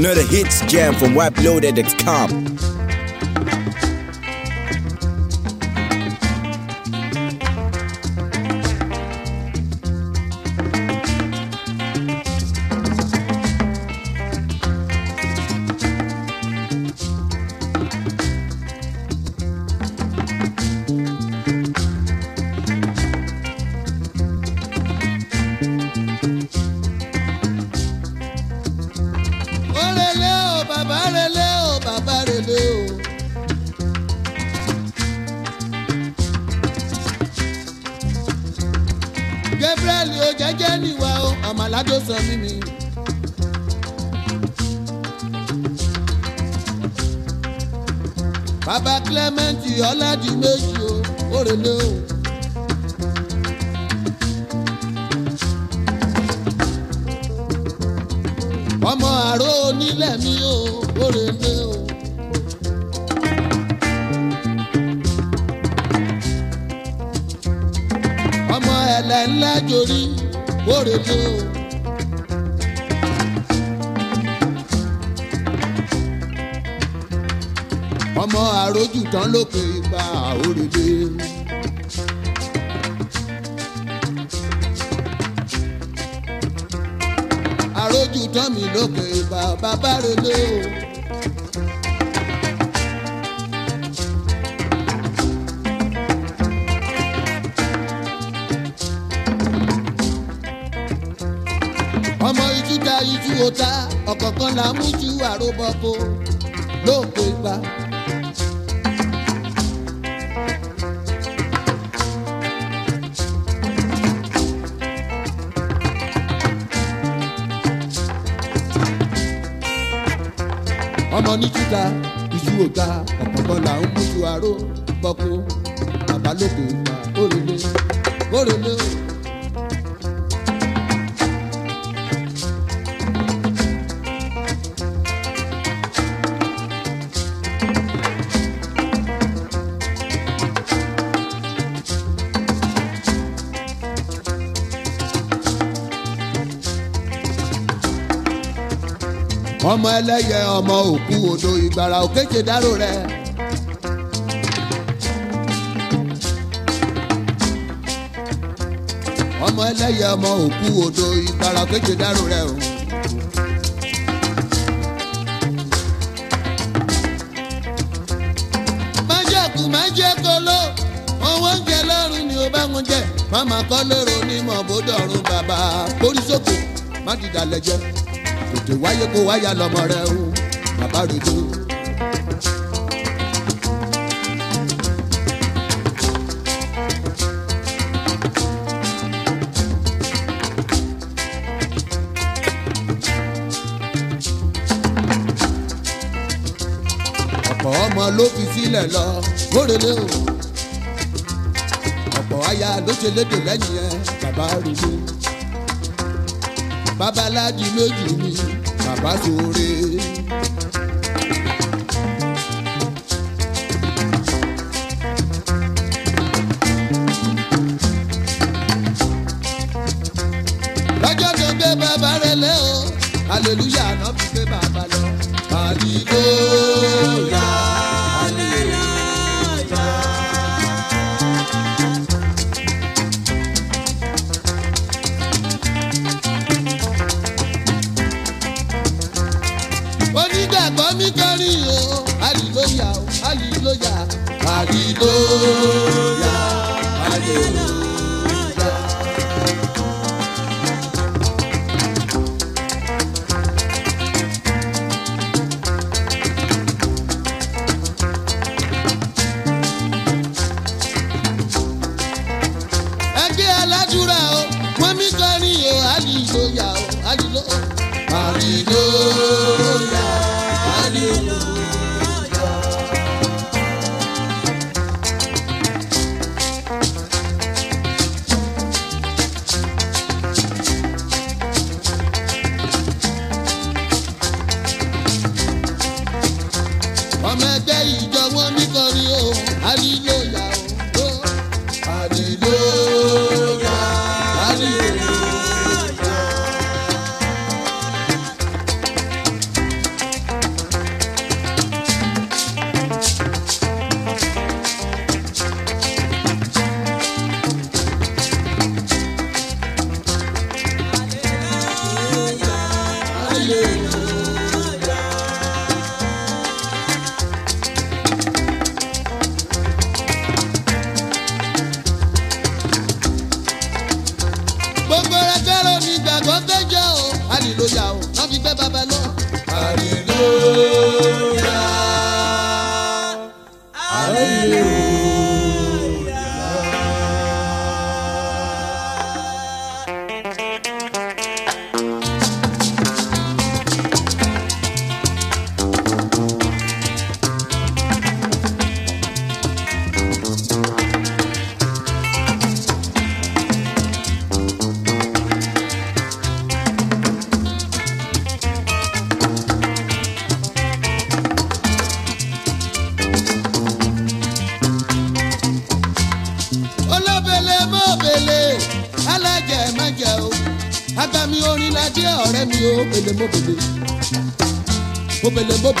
Another hits jam from Wipe òrè ọlá di méjì o òrèlè o. ọmọ àrò onílẹ̀ mi o òrèlè o. ọmọ ẹ̀lẹ́ ńlá jorí òrèlè o. ọmọ àròjù tán lókè ìgbà òrèlè. àròjù tán mi lókè ìgbà bàbá rèlè o. ọmọ ìtúta ìtú ọ̀tá ọ̀kọ̀ọ̀kan làmújú àròbọ̀kọ lóògbé gbà. ọmọ ní ṣúgà iṣu ọ̀gá ọ̀pọ̀tọ̀ là ń mójú aró bọ́kú bàbá lókè òrèlè òrèlè. ọmọ ẹlẹ́yẹ ọmọ òkú odò ìgbàrà òkèjè dárò rẹ. ọmọ ẹlẹ́yẹ ọmọ òkú odò ìgbàrà òkèjè dárò rẹ o. májèkú májèkóló owó oúnjẹ lọ́rùn ni ó bá wọn jẹ màmá kọ́ lóró onímọ̀ bó dọ̀rùn bàbá kórí má dìdà lẹ́jọ́ tètè wáyé kó wáyà lọmọ rẹ o bàbá rojú. ọ̀pọ̀ ọmọ ló fi sílẹ̀ lọ mórèlé o ọ̀pọ̀ aya ló ṣe lédè lẹ́yìn ẹ bàbá rojú babaláji méjì ni bàbá sóore. lọ́jọ́ kan gbé bàbá rẹ̀ lẹ́ o hallelujah náà fi gbé bàbá lọ. àdìgbò àgbọ̀ mi kọrin o hallelujah hallelujah hallelujah hallelujah. mobili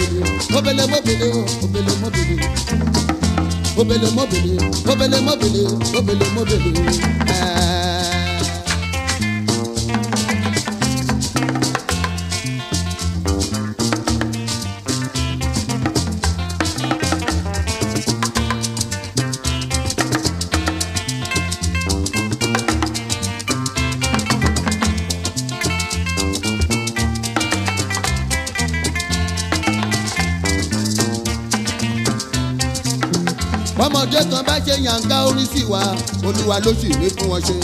obele mobili obele mobili obele mobili obele mobili obele mobili. yanga orí sí wa olúwa ló sì lè fún wọn ṣe.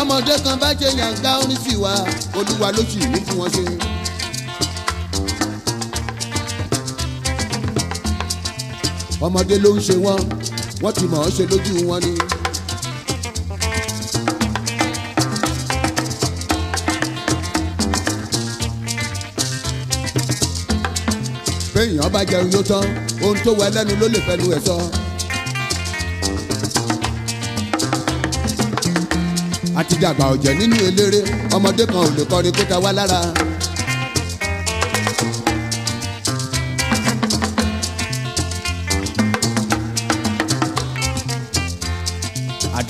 ọmọdé kan bá jẹ yanga orí sí wa olúwa ló sì lè fún wọn ṣe. ọmọdé ló ń ṣe wọ́n wọ́n ti mọ̀ ọ́ ṣe lójú wọn ni. béèyàn bá jẹun yóò tán ohun tó wà lẹ́nu ló lè fẹnu ẹ̀ sọ. àtijọ́ àgbà ọ̀jẹ̀ nínú eléré ọmọdé kan ò lè kọrin kó ta wá lára.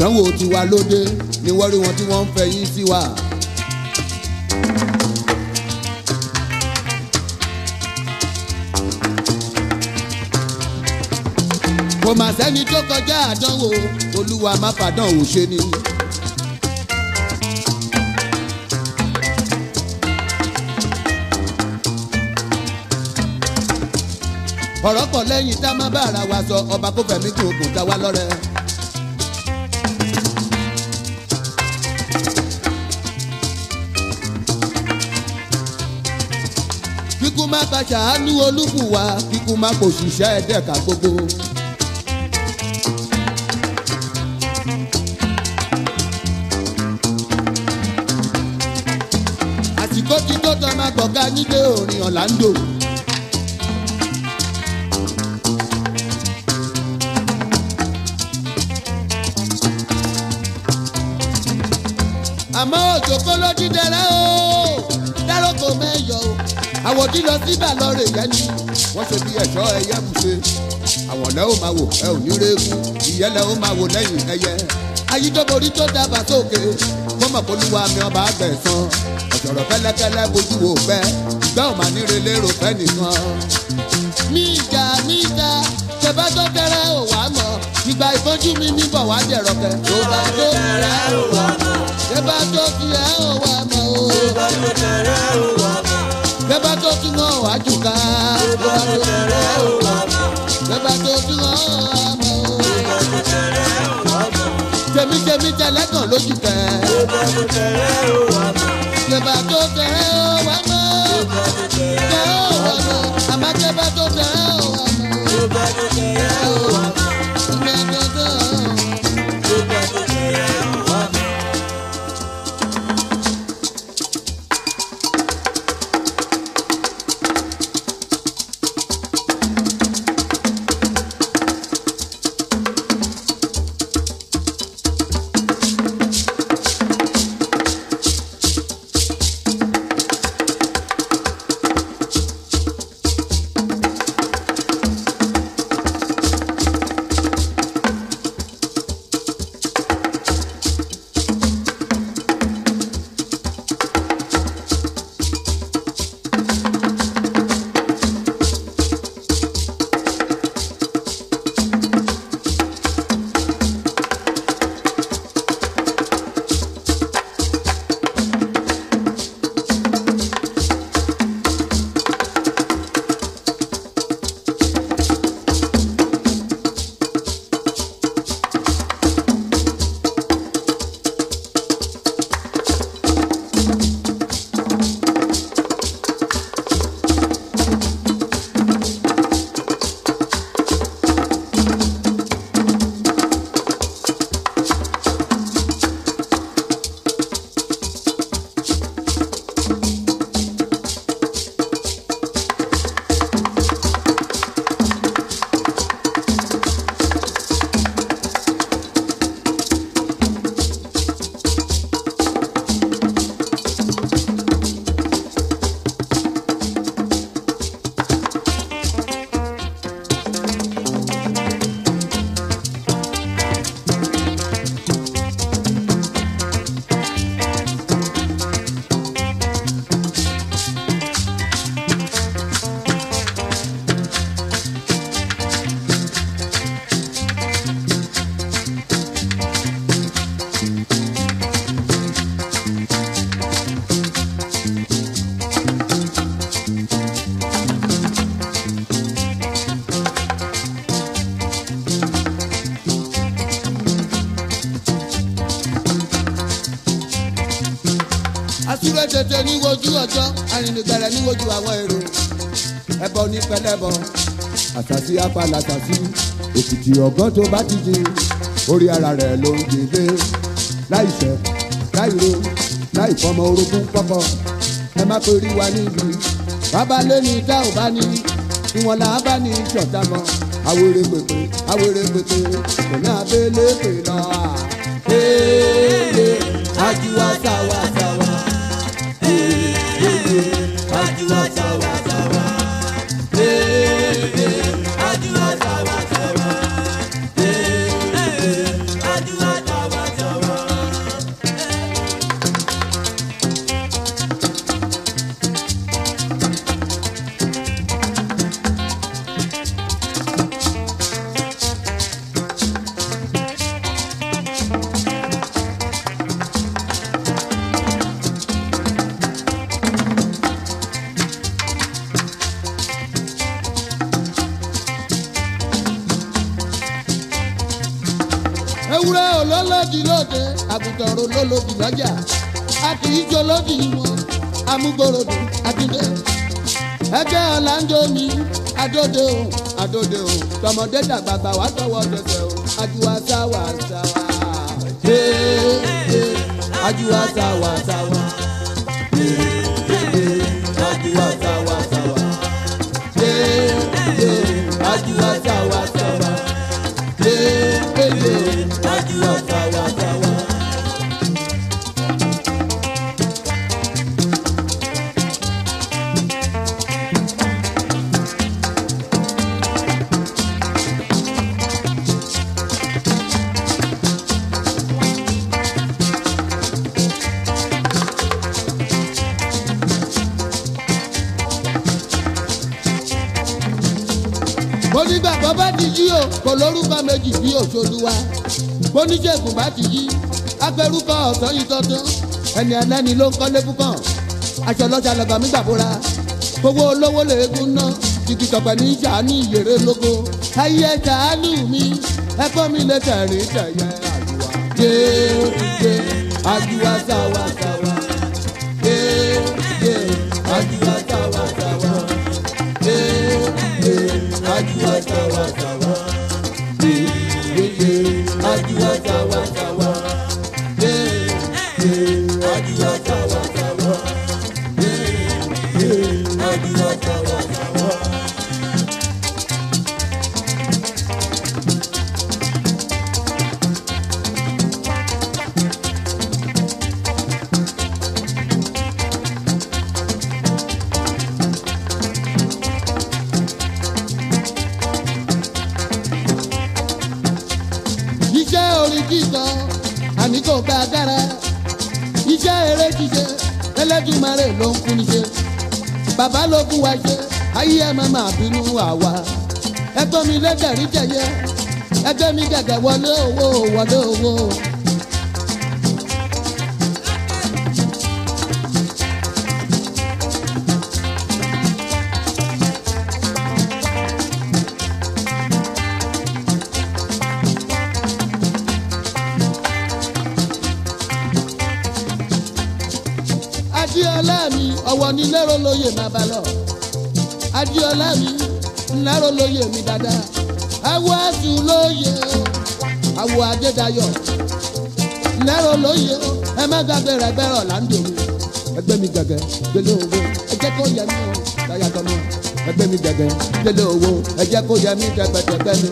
àdánwò tiwa lóde ni wọ́n rí wọn tí wọ́n ń fẹ́ yín sí wa. kò mà sẹ́ni tó kọjá àdánwò olúwa má fàdánwò ṣe ni. ọ̀rọ̀ pọ̀ lẹ́yìn tá a má bá ara wa sọ ọba kó fẹ̀mí kò kò ta wá lọ́rẹ. má gbàjà ánú olúbùwà kíkú má kò ṣiṣẹ́ ẹ̀dẹ́ka gbogbo. àsìkò tí tó tọ́ máa gbọ̀gá nílé orin Orlando. àmọ́ òjò kó ló dídẹ̀rẹ́ o dárò kò mẹ́yẹ àwọn tí lọ síbẹ̀ lọ rè yẹn ni wọ́n ṣe bí ẹ̀ṣọ́ ẹyẹ bùṣe àwọn lẹ́ ò máa wò ẹ ò ní réegun ìyẹn lẹ́ ò máa wò lẹ́yìn ẹyẹ ayídọ́borí tó dábàá sókè fọmọ polúwa mi ọba àgbẹ̀sán ọ̀jọ̀rọ̀ fẹ́lẹ́fẹ́lẹ́ bojú wo fẹ́ ìgbà ò máa níre lérò fẹ́ nìkan. mi ìjà mi ìjà tẹ bá tó kẹrẹ ò wá mọ̀ ìgbà ìfọ́jú mi mi bọ̀ wá dẹ̀rọ̀ kẹ. tó bá tó kẹrẹ lójú tẹ. tó bá tó tẹ̀lé o wà bá. ṣe ní wojú ọjọ́ arìnrìngbẹ̀rẹ̀ ní wojú àwọn èrò ẹbọ ní pẹlẹbọ àtàsí apala tàsí òkìtì ọgbọ́n tó bá ti di orí ara rẹ̀ ló ń dìde láìṣẹ̀ láìro láìfọmọ orogún pọ́pọ́ ẹ má pè rí wa níbi bàbá lẹ́ni dá ò bá ní ìwọ̀n là á bá ní ìjọ̀dá mọ́ awere pèpè awere pèpè kò ní abẹ́lé pè náà. Ee, ajuwa sáwà. dé àgùntàn ro lólobì lọ́jà a kì í jó lóbì wọn amúgbòròdò àdìdẹ. ẹgbẹ́ ọ̀la ń domi adóde o adóde o tọmọdé dàgbàgbà wà tọwọ́ dẹsẹ̀ o ajuwa sáwà sáwà. ajuwa sáwà sáwà. ajuwa sáwà sáwà. ajuwa sáwà sáwà. mo ní bàbá bá ti yí o kò lórúkọ méjì bí òṣòlùwà mo ní jẹ̀gùn bá ti yí agbẹrúkọ ọ̀sán yìí tọ́tún ẹni ẹlẹ́ni ló ń kọ́ lébùkàn aṣọ ọlọ́jà lọ́gbà mi gbàbóra gbogbo olówó lèégún ná títí tọ̀pẹ̀ ní ṣàánú ìyèrè lógo ayé ṣàánú mi ẹ̀kọ́ mi lè tẹ̀rín tẹ̀yẹ àjùwà dé dé àjùwà sáwà sáwà dé dé àjùwà sáwà sáwà níwájú ọjọ́ wọ́tọ̀wọ́. kí mẹ́rẹ̀ ló ń kú níṣe bàbá ló kú wa ṣe ayé ẹ má má bínú àwa ẹgbẹ́ mi lẹ́gbẹ̀rí jẹ̀yẹ ẹgbẹ́ mi gẹ̀gẹ̀ wọlé owó wọlé owó. lérò lóye má bá lọ adiola mi lérò lóye mi dáadáa awọ àtún lóye awọ adédayọ lérò lóye ẹ má gbàgbé rẹ gbẹrọ là ń ẹgbẹ́ mi gẹ̀gẹ́ gbélé owó ẹ jẹ́ kó yẹ mí dáyàtọ̀ mi ẹgbẹ́ mi gẹ̀gẹ́ gbélé owó ẹ jẹ́ kó yẹ mí dẹ́gbẹ̀dẹ́gbẹ́ mi.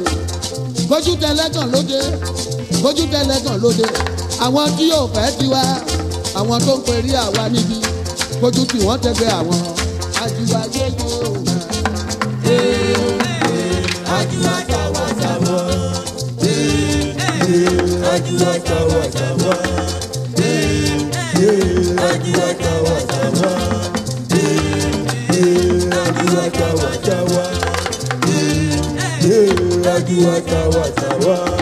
kójú tẹlẹ́gàn lóde kójú tẹlẹ́gàn lóde àwọn tí yóò fẹ́ tiwa àwọn tó ń perí àwa níbi fojú tí wọ́n tẹ́gbẹ́ àwọn ajíwájú yóò máa. ajíwájú àwọn àtàwọn ajíwájú àwọn àtàwọn ajíwájú àwọn àtàwọn ajíwájú àwọn àtàwọn ajíwájú àwọn àtàwọn.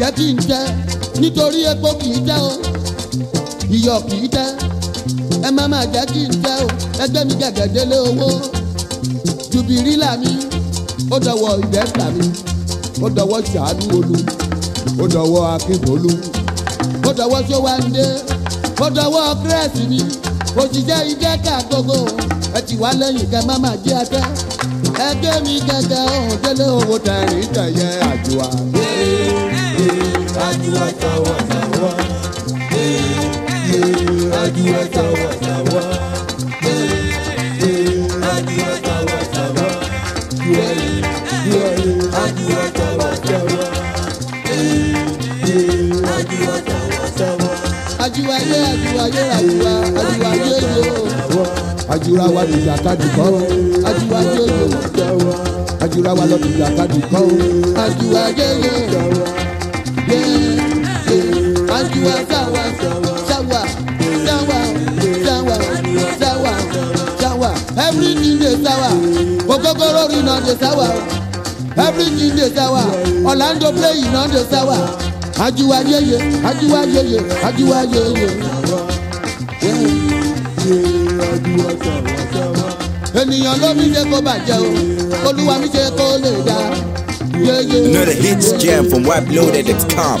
jẹ́ kí n jẹ nítorí epo kì í jẹ́ o iyọ̀ kì í jẹ́ ẹ má má jẹ́ kí n jẹ́ o ẹgbẹ́ mi gẹ̀gẹ̀délé owó jùbìrìlà mi ó dọ̀wọ́ ìbẹ́ta mi ó dọ̀wọ́ ṣàánú olú ó dọ̀wọ́ akínbolú ó dọ̀wọ́ ṣówáńdé ó dọ̀wọ́ kírẹ́sì mi òṣìṣẹ́ ìjẹ́ kàgógó ẹ ti wá lẹ́yìn kẹ́ má má jẹ́ ẹgbẹ́ ẹgbẹ́ mi gẹ́gẹ́ òun délé owó tẹ̀rín tẹ̀yẹ àjùwà ajua tawa tawa ajua tawa tawa ajua tawa tawa ajua tawa tawa ajua tawa tawa ajua ye ajua ye ajua ajua ye yo ajura wa dìgbà kadìkọ́ ajua ye yo ajura wa lọ dìgbà kadìkọ́ ajua ye yo everything dey sour ogogoro ri na dey sour orlando play na dey sour ajuwa yeye ajuwa yeye ajuwa yeye. ènìyàn ló mi ṣe kó bàjẹ́ o olúwa mi ṣe kó lè dá. You know hits jam from webloaded.com.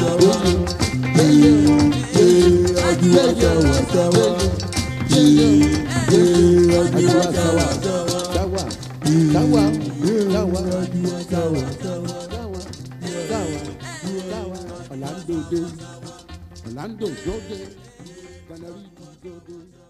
Orlando Jorge, Canary Jorge.